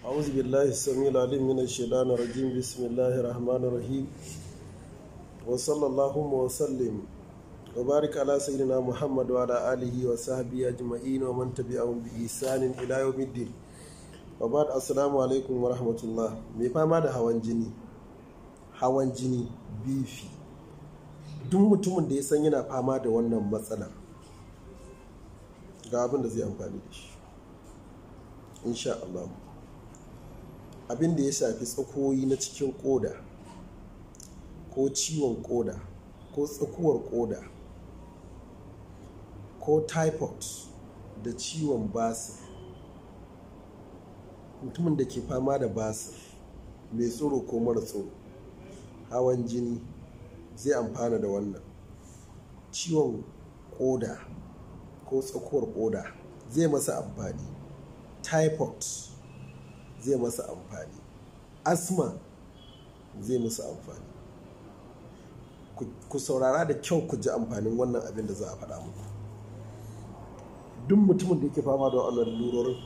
أعوذ بالله السميع العليم من الشيطان الرجيم بسم الله الرحمن الرحيم وصلى الله وسلم وبارك على سيدنا محمد وعلى آله وصحبه أجمعين ومن تبعهم بإحسان إلى يوم الدين وبعد السلام عليكم ورحمة الله me fama da hawan jini hawan jini bifi duk mutumin da ya san yana fama da wannan matsala. ga abin da zai amfani da shi insha Allah abin da ya shafi tsakoyi na cikin ƙoda ko ciwon ƙoda ko tsakuwar ƙoda ko typhoid da ciwon basir mutumin da ke fama da basir mai tsoro ko mara tsoro hawan jini zai amfana da wannan ciwon ƙoda ko tsakuwar ƙoda zai masa amfani typhoid zai masa amfani asma zai masa amfani ku saurara da kyau ku ji amfanin wannan abin da za a faɗa muku duk mutumin da yake fama da wannan lurorin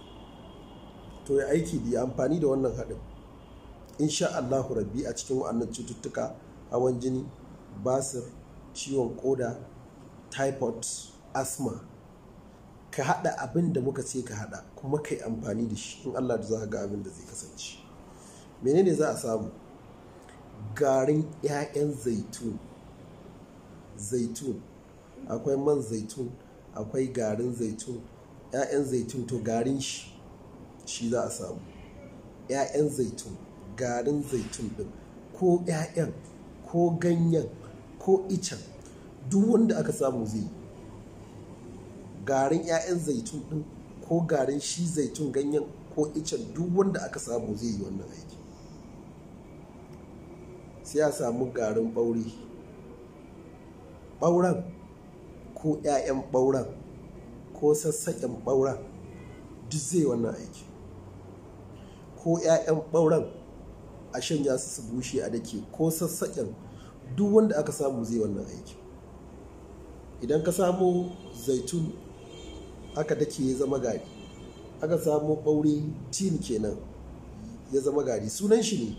to ya aiki da ya amfani da wannan haɗin insha Allahu rabbi a cikin wa'annan cututtuka hawan jini basir ciwon koda typhoid asma. ka haɗa abin da muka ce ka haɗa kuma ka yi amfani da shi in Allah da za ga abin da zai kasance menene za a samu garin 'ya'yan zaitun zaitun akwai man zaitun akwai garin zaitun 'ya'yan zaitun to garin shi shi za a samu 'ya'yan zaitun garin zaitun ɗin ko 'ya'yan ko ganyen ko icen duk wanda aka samu zai yi garin 'ya'yan zaitun din ko garin shi zaitun ganyen ko icen duk wanda aka samu zai yi wannan aiki sai a samu garin bauri bauran ko 'ya'yan bauran ko sassaƙen bauran duk zai wannan aiki ko 'ya'yan bauran a shanya su su bushe a dake ko sassaƙen duk wanda aka samu zai wannan aiki idan ka samu zaitun aka dake ya zama gari aka samo ɓaure tin kenan ya zama gari sunan shi ne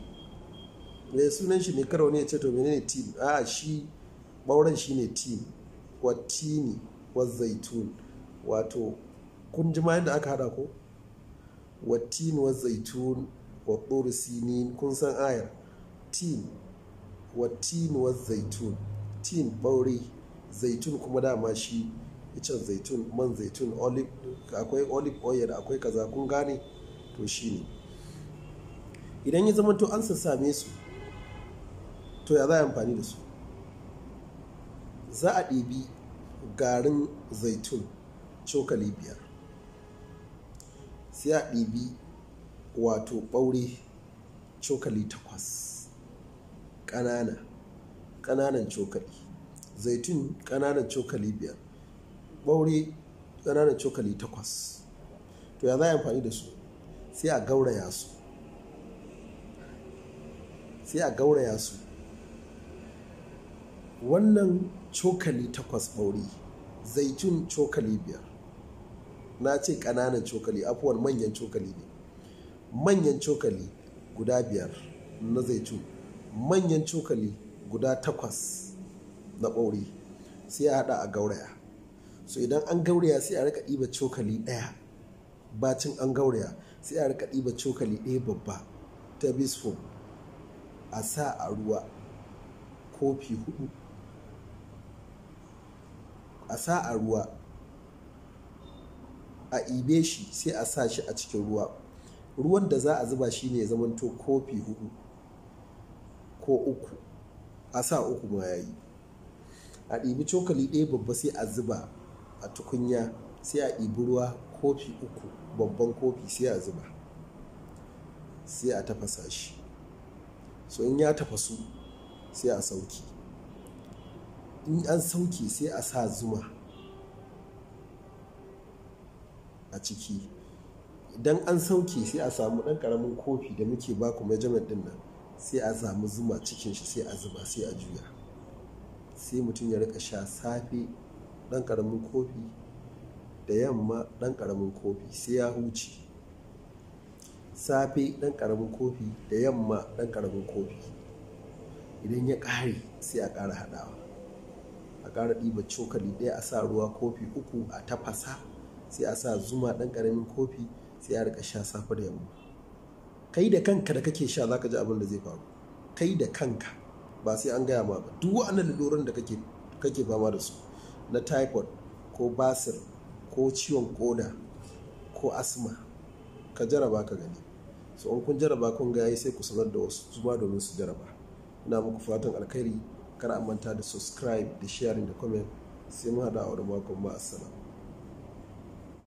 mai eh, sunan shi ne karo ne ya ce to menene tin a shi ɓauren shi ne tin wa tini wa zaitun wato kun ji da aka hada ko wa tin wa zaitun wa tsoro sinin kun san ayar tin wa tin wa zaitun tin ɓaure zaitun kuma dama shi icen zaitun man zaitun olive akwai olive oil akwai kaza kun gane to shi ne idan ya zama to an sassame su to ya za a amfani da su za a ɗibi garin zaitun cokali biyar sai a ɗibi wato ɓaure cokali takwas ƙanana ƙananan cokali zaitun ƙananan cokali biyar ɓaure ƙananan cokali takwas to ya za a amfani da su sai a gauraya su sai a gauraya su wannan cokali takwas ɓaure zaitun cokali biyar na ce ƙananan cokali afuwar manyan cokali ne manyan cokali guda biyar na zaitun manyan cokali guda takwas na ɓaure sai a haɗa a gauraya so idan an gauraya sai a rika ɗiba cokali ɗaya bacin an gauraya sai a rika ɗiba cokali ɗaya babba ta bisfo a sa a ruwa kofi hudu a sa a ruwa a ibe shi sai a sa shi a cikin ruwa ruwan da za a zuba shi ne to kofi hudu ko uku a sa uku ma yayi a ɗibi cokali ɗaya babba sai a zuba a tukunya sai a ɗibi ruwa kofi uku babban kofi sai a zuba sai a tafasa shi so in ya tafasu sai a sauki in an sauki sai a sa zuma a ciki idan an sauki sai a samu ɗan ƙaramin kofi da muke baku measurement ɗin nan sai a samu zuma cikin shi sai a zuba sai a juya sai mutum ya rika sha safe ɗan karamin kofi da yamma ɗan karamin kofi sai ya huce safe ɗan karamin kofi da yamma ɗan ƙaramin kofi idan ya ƙare sai a ƙara haɗawa a ƙara ɗiba cokali ɗaya a sa ruwa kofi uku a tafasa sai a sa zuma ɗan ƙaramin kofi sai a rika sha safe da yamma kai da kanka da kake sha zaka ji abin da zai faru kai da kanka ba sai an gaya ma ba duk wa'annan doron da kake fama da su na typhoid ko basir ko ciwon koda ko asma ka jaraba ka gani so in kun jaraba kun ga sai ku sanar da wasu zuma domin su jaraba ina muku fatan alkhairi kar a manta da subscribe da sharing da comment sai mu hada a wani makon ba assalamu